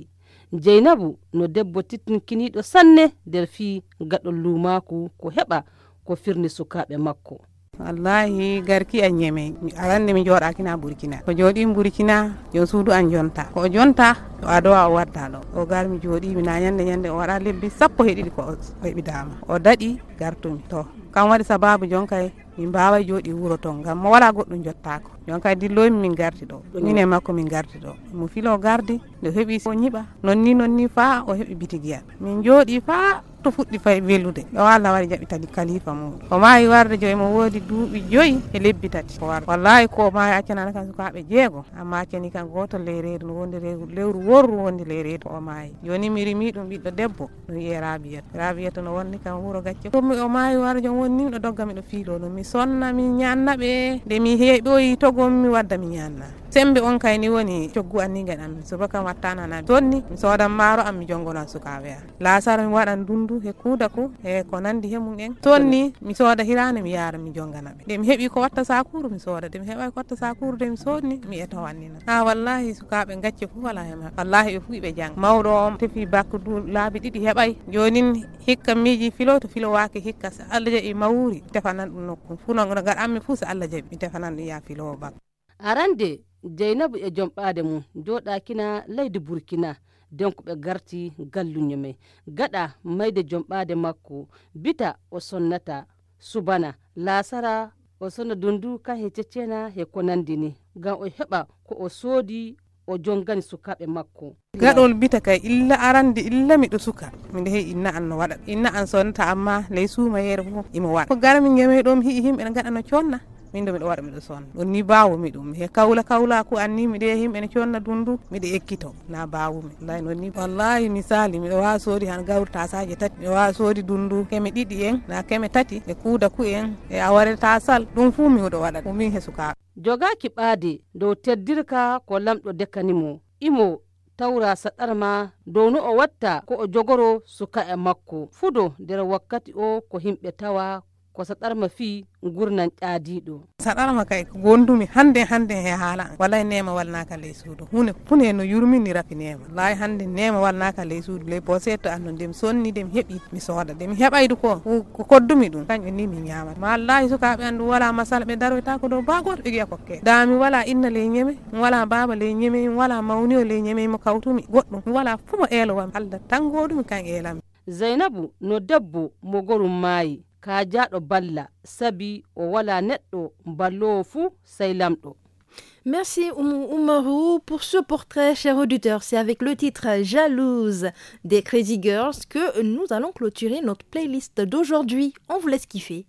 jeynabu no debbo titinkiniiɗo sanne nder fii gaɗol luumaaku ko heɓa ko firne sukaaɓe makko wallahi garki an yeme arande mi joɗakina burkina ko jooɗi burkina yo suudu an jonta ko jonta o adowa o wadda ɗo o gar mi jooɗi mi na ñande ñande o waɗa lebbi sappo heɗiɗi ko o heɓidama o daɗi gartumi to kam waɗi sababu jonkay e, min mbawa jooɗi wuuro ton gam mo wala goɗɗum jottako jonkay e dilloymi min gardi ɗo min e makko min gardi ɗo mo filo gardi nde heeɓi o ñiɓa nonni nonni fa o heeɓi bitigiyal min jooɗi fa to fuɗɗi fay welude o allah waɗi jaɓitani kalifa muɗum o maayi warde joyi mo woodi duuɓi joyi e lebbi tati o warde wallahi ko maayi accanani kan sukaɓe jeego amma accani kan goto ley reedu no wondi lewru worru wondi ley reedu o maayi joni mi rimi ɗum ɓiɗɗo debbo no wiye rabiyat rabiyat no wonni kam wuuro gacce o maayi warde jom wonni ɗo dogga miɗo fiilo no mi sonna mi ñanna ɓe nde mi heeɓoyi togom mi wadda mi ñanna sembe on kayni woni coggu annigen am so bakam wattano ana jonni mi sodan maaro am mi jongona sukaɓe am lasara mi waɗan dundu e ko e ko nandi he mum en tonni mi sooda hirani mi yaara mi jongana ɓe nde mi heeɓi ko watta sakuru mi sooda de mi heɓay ko watta sakuru de mi soodni mi eto wannina ha wallahi sukaɓe gacce fo wala hema wallahi ɓe fuu ɓe jang mawɗo o tefi bakku du laabi ɗiɗi heɓay jonin hikka miiji filo to filo waake hikka so allah jaɓi mawuri tefanan ɗum nokku fuu no gaɗanmi fuu so allah jaɓi mi tefanan ɗum ya filo bakku arande jainabu e jom ɓademu joɗakina leydi burkina donc ɓe garti galluño me gaɗa mayde jom ɓade makko bita o sonnata subana lasara o sonna dundu kan he ceccena he ko nandini ngam o heɓa ko o soodi o jongani sukaɓe makko gaɗol bita kay illa arande illa miɗo suka miɗa heewi inna an no waɗa inna an sonnata amma ley suumayere fof imo waɗa ko garmi gemeɗom hii himɓe ne gaɗa no conna minde miɗo waɗa miɗo sonna ɗum ni mbawmi ɗum he kawla kawla ko anni miɗe yimɓe ne conna ɗum du miɗo ekkito na bawumi wallahi noon ni wallahi misali miɗo wawi soodi han gawri tasaje tati miɗo wawi soodi ɗum du keme ɗiɗi en na keme tati e kuuda ku en e aware tasal ɗum fuu mi waɗa ɗum min he sukaɓe jogaki ɓaade dow teddirka ko lamɗo dekkanimo imo tawra saɗarma dow no o watta ko o jogoro suka e makko fudo nder wakkati o ko himɓe tawa ko saɗarma fi gurnan ƴaadiɗo saɗarma kay gondumi hannde hannde he haala wallay nema walnaka ley suudu hunde fune no yurmini rafi nema lay hannde nema walnaka ley suudu ley boset to anno nde mi sonni de mi heeɓi mi sooda de mi heɓaydu ko ko koddumi ɗum kañum ni mi ñamata ma lay sukaɓe andu wala masala ɓe daroyta ko dow bagoto ɓe giya kokke dami wala inna ley ñeme mi wala baba ley ñeme mi wala mawni o ley ñeme mo kawtumi goɗɗum mi wala fuu mo eelowami allah tan godumi kan eelami zeynabu no debbo mo gorum maayi Merci Oumou Oumarou pour ce portrait, cher auditeur. C'est avec le titre Jalouse des Crazy Girls que nous allons clôturer notre playlist d'aujourd'hui. On vous laisse kiffer.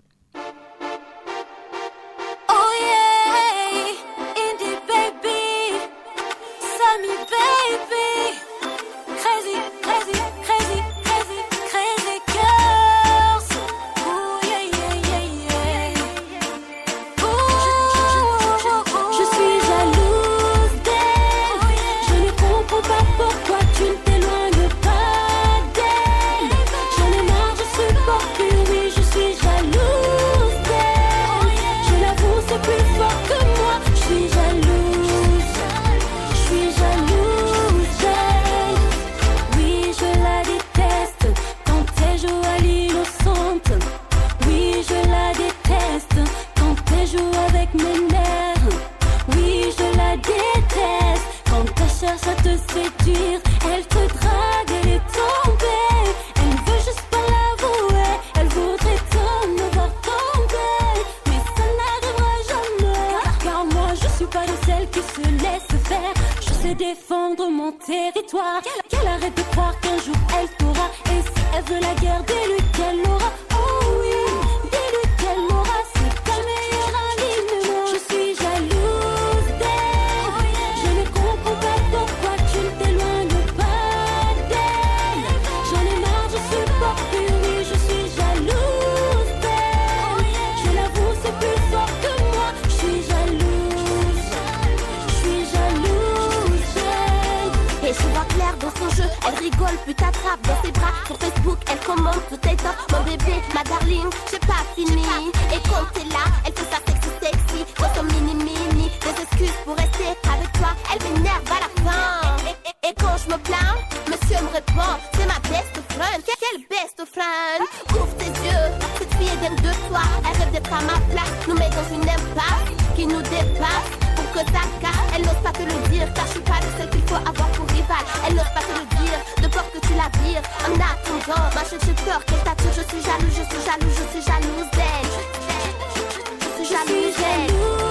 peur qu'elle t'attire Je suis jaloux, je suis jaloux, je suis jalouse d'elle Je suis jalouse d'elle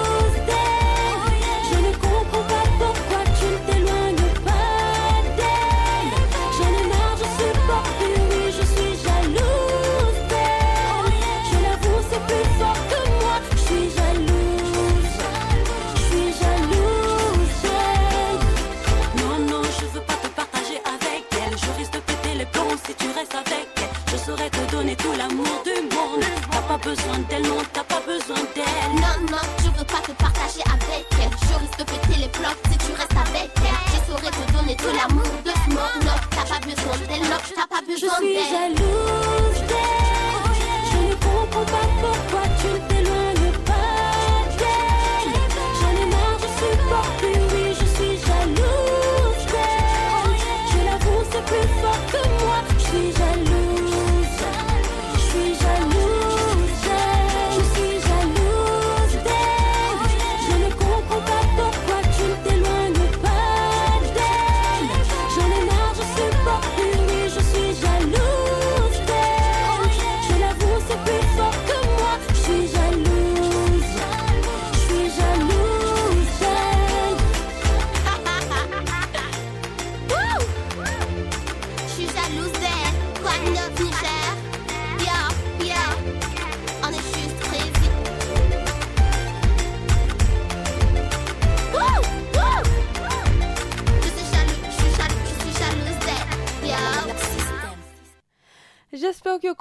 l'amour du monde. T'as pas besoin d'elle, non, t'as pas besoin d'elle. Non, non, je veux pas te partager avec elle. Je risque de péter les blocs si tu restes avec elle. Je saurais te donner tout l'amour de ce monde. Non, t'as pas besoin d'elle, non, t'as pas besoin d'elle. Je suis jaloux.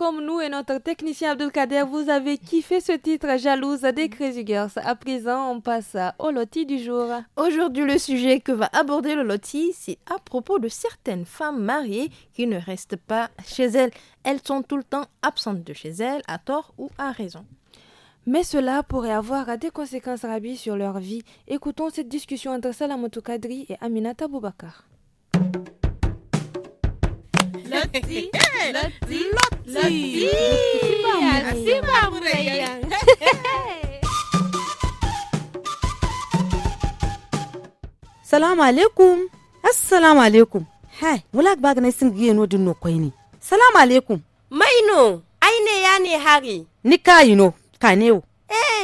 comme nous et notre technicien Abdelkader, vous avez kiffé ce titre Jalouse des Crazy Girls. À présent, on passe au loti du jour. Aujourd'hui, le sujet que va aborder le loti, c'est à propos de certaines femmes mariées qui ne restent pas chez elles. Elles sont tout le temps absentes de chez elles, à tort ou à raison. Mais cela pourrait avoir des conséquences rabies sur leur vie. Écoutons cette discussion entre Salamoutou Kadri et Aminata Boubacar. Lotti, Lotti, Lotti, así vamos, Salamu alaikum, assalamu alaikum. Hai, wulak ba na isin giye no dinno kwai ne. Salamu alaikum. Maino, ai ne ya ne hari. Ni kayi no, ka ne Eh,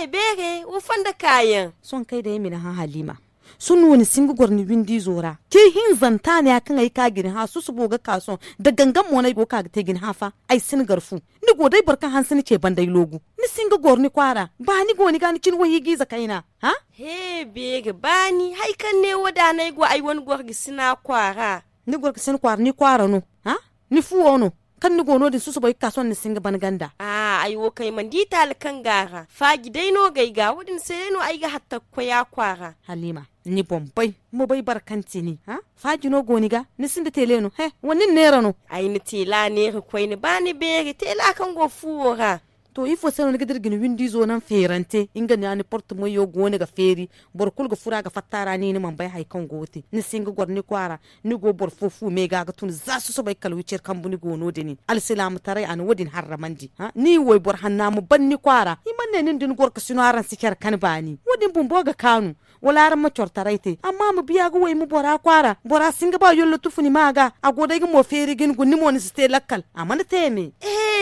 bere, ufan da kayan. Son kai da yi mina han Halima. sun wani singu gorni windi zora ki hin zanta ne akan ai ka gin ha su su boga kason da gangan mo go ka te gin ha fa ai sin garfu ni go dai barkan han sin ce bandai logu ni singu ni kwara ba ni go ni gani cin wahi giza kaina ha he bege bani hai kan ne wada nai go ai wani gi sina kwara ni gi sin kwara ni kwara no ha ni fuwo no kan ni gono di susu boy kason ni singa banganda ah ay wo kay man dita al kangara faji day no gay ga wudin sey no ay ga hatta ko ya kwara halima ni bombay mo bay barkanti ni ha faji no goni ga ni sinde tele no he wonin nera no ay ni tila ni ko ni bani be ga tela kan go fuora to ifo seno nigdir gin windi zo nan ferante inga ni ani porte mo yo gone ga feri bor kulga fatara ni ni man bay hay kan goti ni singa gor ni kwara ni go bor fofu me tun za so buni al salam tare an wadin harramandi ha ni woy bor hanna mu ban ni kwara i man ne nin din gor ka sino aran sikar kan bani wadin bun boga kanu wala aran ma amma mu biya bora kwara bora singa ba yollo tufuni maga agoda ga mo feri gin gunni mo ni ste lakkal amana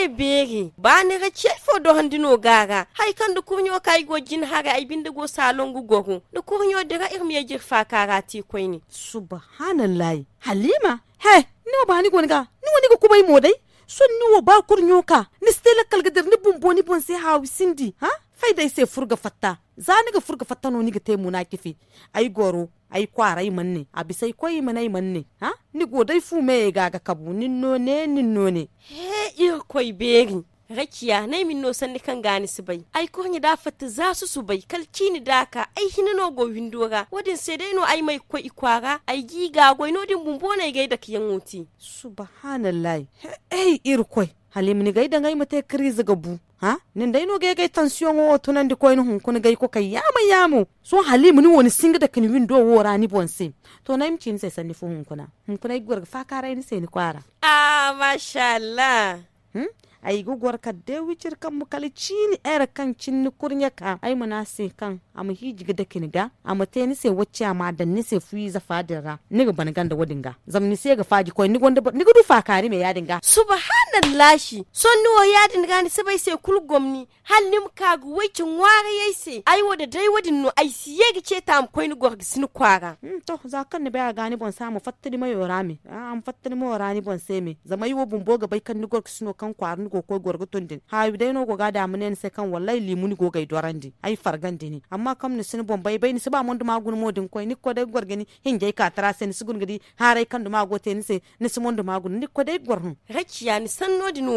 e beeri banere cey fo do handino gaga hay kan do kurnyo kay go jin haga ay binde go salongu gogu do kurnyo dera irmiye jir fa karati koyni subhanallahi halima he ni wa bani gonga ni woni go kubai modai son ni wa ba kurnyo ka ni stela ni bumboni bonse bonse sindi ha fayday se furga fatta zani ga furga fatta no ni ga na kifi ay goro ai kwarai manne abisai koi manai manne ha ni godai fu me ga ga kabu no ne no ne he iyo koi beri rakiya nai min no sanni kan gani su bai ai ko ni da za su su bai kalki ni daka ai hini no go windora wadin sai dai no ai mai ko ikwara ai giga goi no din bumbo ne ga da kiyan wuti subhanallahi ai irkoi ni gai dangai mate crise gabu ha nin dai no gai gai tension wo nan di koyin hun kun gai ko kai yama yamu so ni woni singa da kan windo wora ni bonse to nan imcin sai sani fu hun kuna hun kuna igwar fa ni sai ni kwara ah mashallah hmm? ay gugwar ka de wicir kan mu kali cini era kan cinni kurnya ka ay muna se kan am hiji gida kiniga am te ni se wacce ama da ni se fuyi za fadira ni ga bangan da ga zam ni se ga faji koy ni gonda ni gudu fakari me ga subhanallahi sonni wo ga ni sabai se kul gomni hal ni ka gu wicin ware yai se ay da dai wadin no ay siye ga ce ta am koy ni gwar gisni kwara hmm, to za kan ni baya gani bon samu fattini mayo rami am ah, fattini mayo rani bon se me zama yi wo bumbo ga bai kan ni gwar gisno kan kwar go ko gorgo din ha dai no go ga da mun sai kan wallahi limuni go gai dorandi ai fargan dini amma kam ni sin bombai bai ni ba mun duma gun modin koi ni ko dai gorgani hin jai ka tara sen sigun gidi rai kan duma go te ni sai ni mun duma gun ni ko dai gornu rakiya ni sanno dinu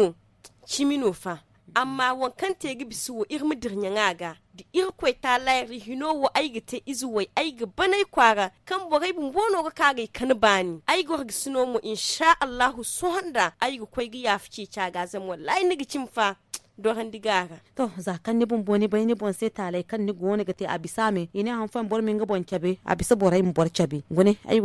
chimino fa amma wankan tegi bisu wo irmi dirnyangaga di irkwe ta layri hino wo aiga te izu wai aiga banai kwara kan borai bun bono ga kan bani aiga ga suno mu insha Allahu so handa aiga kwai ga yafi ce ga zan wallahi niga cin fa doran digaga to za kan bon boni bai bon sai talai kan ni gona gate a bisa me ina han fan bor min bon chabe a bisa borai min chabe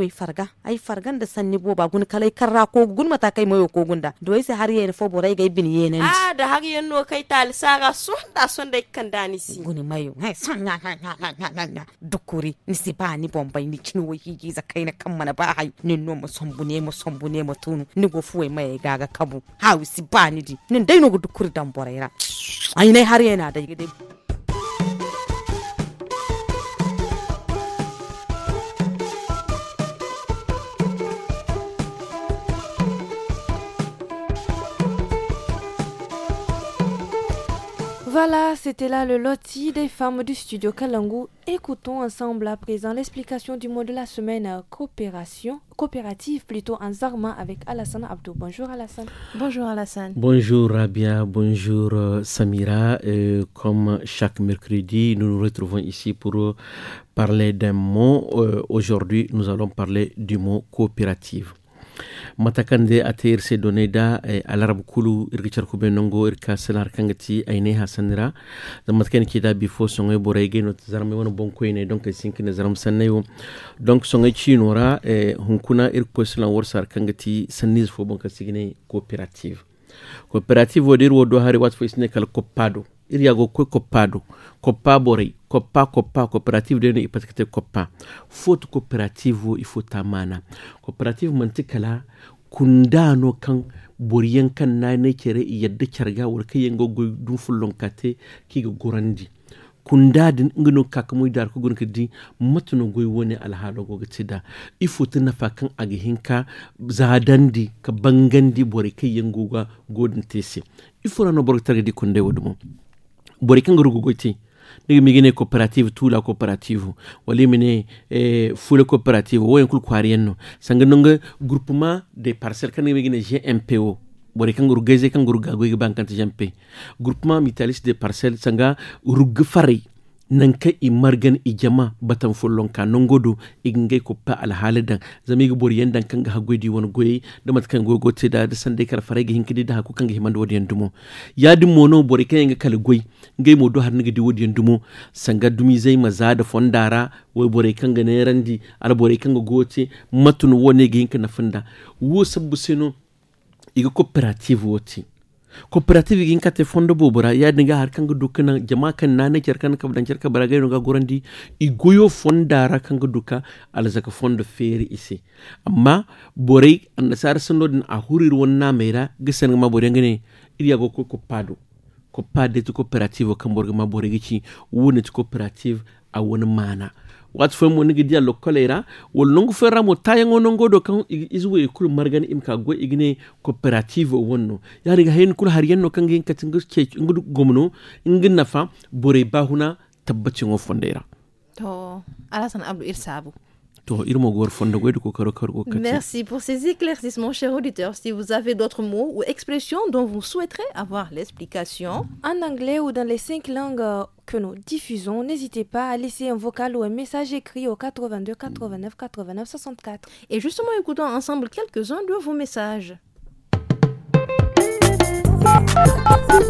farga ai fargan da sanni bo ba gun kalai karra ko gun mata kai mayo ko gunda do sai har yayin fo borai ga ibin yenen a ah, da har no kai tal saga sun da sun da kan dani si mayo hai san na na na na na dukuri ni si ba ni bon bai ni kinu wai kai na kan mana ba hai ni no ne ne ni go fuwe gaga kabu hausi ba ni di nin no dukuri dan borai ina aina har yana da Voilà, c'était là le loti des femmes du studio Kalangu. Écoutons ensemble à présent l'explication du mot de la semaine euh, coopération, coopérative plutôt en Zarma avec Alassane Abdou. Bonjour Alassane. Bonjour Alassane. Bonjour Rabia, bonjour euh, Samira. Euh, comme chaque mercredi, nous nous retrouvons ici pour parler d'un mot. Aujourd'hui, nous allons parler du mot coopérative. Matakande a ate doneda e, alarab kulu irga charkube nongo irka selar kangati aine e, hasanira da matkan kida bifo songe borege not zarme wono bonko ine donc e sinkine zaram sanneyo donc songe Nora, e, hunkuna irko selan worsar kangati sanniz fo bonka sigine coopérative coopérative wodir wodo hari wat fo isne koppado iriyago koye koppa do koppa ɓoray koppa koppa coopérative dene ipatikate koppa foti coopérative o il faut ta mana coopérative manti kala kundano kan boriyan kan nane kere yadda carga warka yengo go dum fullon kate kiga gorandi kundadin ingano kakamoy dar ko gonka di matuno goy woni alhalo go tida il faut ta nafa kan hinka zadandi ka bangandi bori kay yengo ga godin tese il faut rano borga targa di kunde wodumo borikanga rugugoti nigi migine cooperative tula cooperative wali mine eh, fule cooperative wo yankul kwariyenno sanga nonga groupement des parcelles kan migine GMPO bore kan guru geze kan guru gago bankan GMP groupement mutualiste des parcelles sanga rugg Nan ka i margan i jama batan fullon ka non godo igingay ko pa al dan zami ga bori dan kan ga hagoydi won goyi da mat kan gogo te da san dai kar ga hinkidi da haku kan ga himanda wodi dumo ya dum mono bori kan ga kal goyi ngay mo do har niga di wodi dumo. sanga dumi zai maza da fondara wai bori kan ga ne randi al bori kan ga gote matun wone ga hinka na fanda wo sabbu seno iga cooperative woti coopérative gin kate fondo bobora yadinga har kanga dukkana jama kan nane cer kan kabdan cer kabara no ga gorandi i goyo fondara kanga dukka alzaka fondo feri isi amma borey annasar sando din a hurir wonna mera gisen ma bore ngene iriya go ko pado ko pade to coopérative kan borga ma bore gici wona to cooperative a wona mana watu fo mo nigi dia lokolera wol longu fo ramo tayango nongo do kan izu we kul margani im ka go igne cooperative wonno yani ga hen kul hariyan no kangen katingu ke ngudu gomno ingin nafa bore bahuna tabbacin ofondera to alasan abdu irsabu Merci pour ces éclaircissements, chers auditeurs. Si vous avez d'autres mots ou expressions dont vous souhaiterez avoir l'explication en anglais ou dans les cinq langues euh, que nous diffusons, n'hésitez pas à laisser un vocal ou un message écrit au 82 89 89 64. Et justement, écoutons ensemble quelques-uns de vos messages.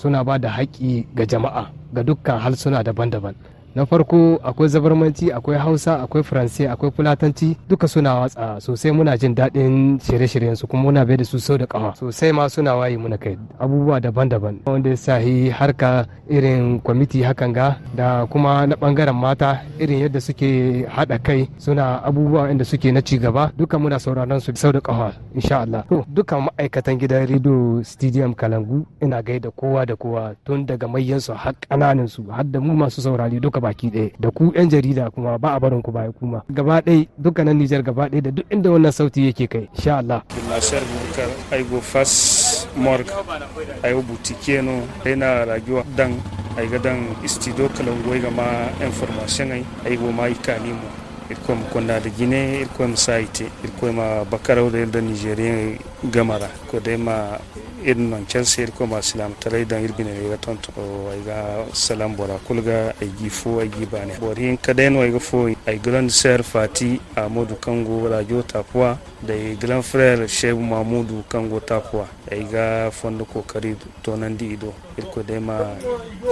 suna ba da haƙƙi ga jama'a ga dukkan halsuna daban-daban na farko akwai zabarmanci akwai hausa akwai faransai akwai fulatanci duka suna watsa sosai muna jin daɗin shirye-shiryen su kuma muna bai da su sau da kawa sosai ma suna waye muna kai abubuwa daban-daban wanda ya sahi harka irin kwamiti hakan ga da kuma na bangaren mata irin yadda suke haɗa kai suna abubuwa inda suke na ci gaba duka muna sauraron su sau da kama insha Allah to duka ma'aikatan gidan rido stadium Kalangu ina gaida kowa da kowa tun daga mayyansu har ƙananin su har da mu masu saurari duka duka baki ɗaya da ku 'yan jarida kuma ba a barin ku baya kuma gaba ɗaya dukkanin Nijar gaba ɗaya da duk inda wannan sauti yake kai insha Allah. Nasar Bukar Aigo Fas Morg Ayo Butikeno dan aiga dan istido kalangoi gama information ai aigo ma kanimu irkoyma konda da gine irkoyma saite irkoyma bakarau da irda nigeria gamara ko dai ma irin non chelsea irkoyma silam talai dan irbine ga tonto ga salam bora kulga ai gifo ai gibane bori in kaden wai ga foi ai grand sir fati amodu kango rajo tapwa da grand frère shebu mamudu kango tapwa ai ga fondo kokari tonan di ido irko dai ma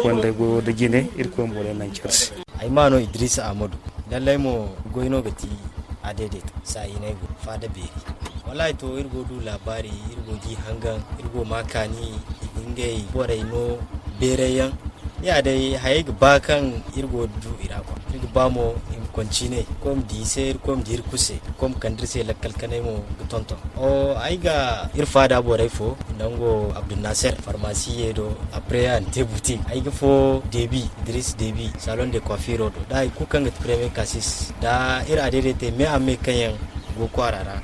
wanda go da gine irkoyma bore nan chelsea ai mano idris amadu lallai mu goyino ga ti a daidaita sa'i na igu fada beri wallahi to irgo du labari irgo ji hangan irgo makani ingai borai no bereyan ya dai haye ga bakan irgo du irako irgo bamo koncine kom diser kom dir kuse kom la kalkane kanemo tonto o aiga irfa da borai fo nango abdul nasser pharmacie do après an te aiga fo debi idris debi salon de coiffure do dai ku kanga premier cassis da ira adede te me ame kanyan go kwarara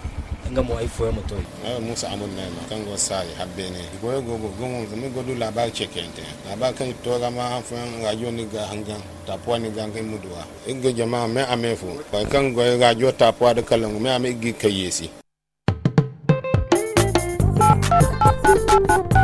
ngamo ay foye moto ay musa amon nema kango sari habbene goyo gogo gomo zame godu labar chekente labar kan toga ma afan rajo ni ga hangan tapua ni gange mudwa ingo jama me amefu kan goyo rajo tapua de kalangu me ame gi kayesi Thank you.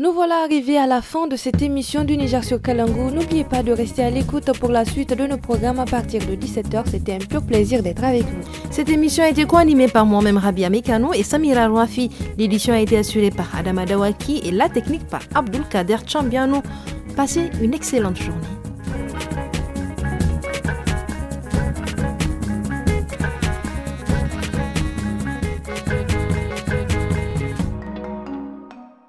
Nous voilà arrivés à la fin de cette émission du Niger sur Kalangu. N'oubliez pas de rester à l'écoute pour la suite de nos programmes à partir de 17h. C'était un pur plaisir d'être avec vous. Cette émission a été co-animée par moi-même Rabia Mekano et Samira Rouafi. L'édition a été assurée par Adama Dawaki et la technique par Abdul Kader Chambiano. Passez une excellente journée.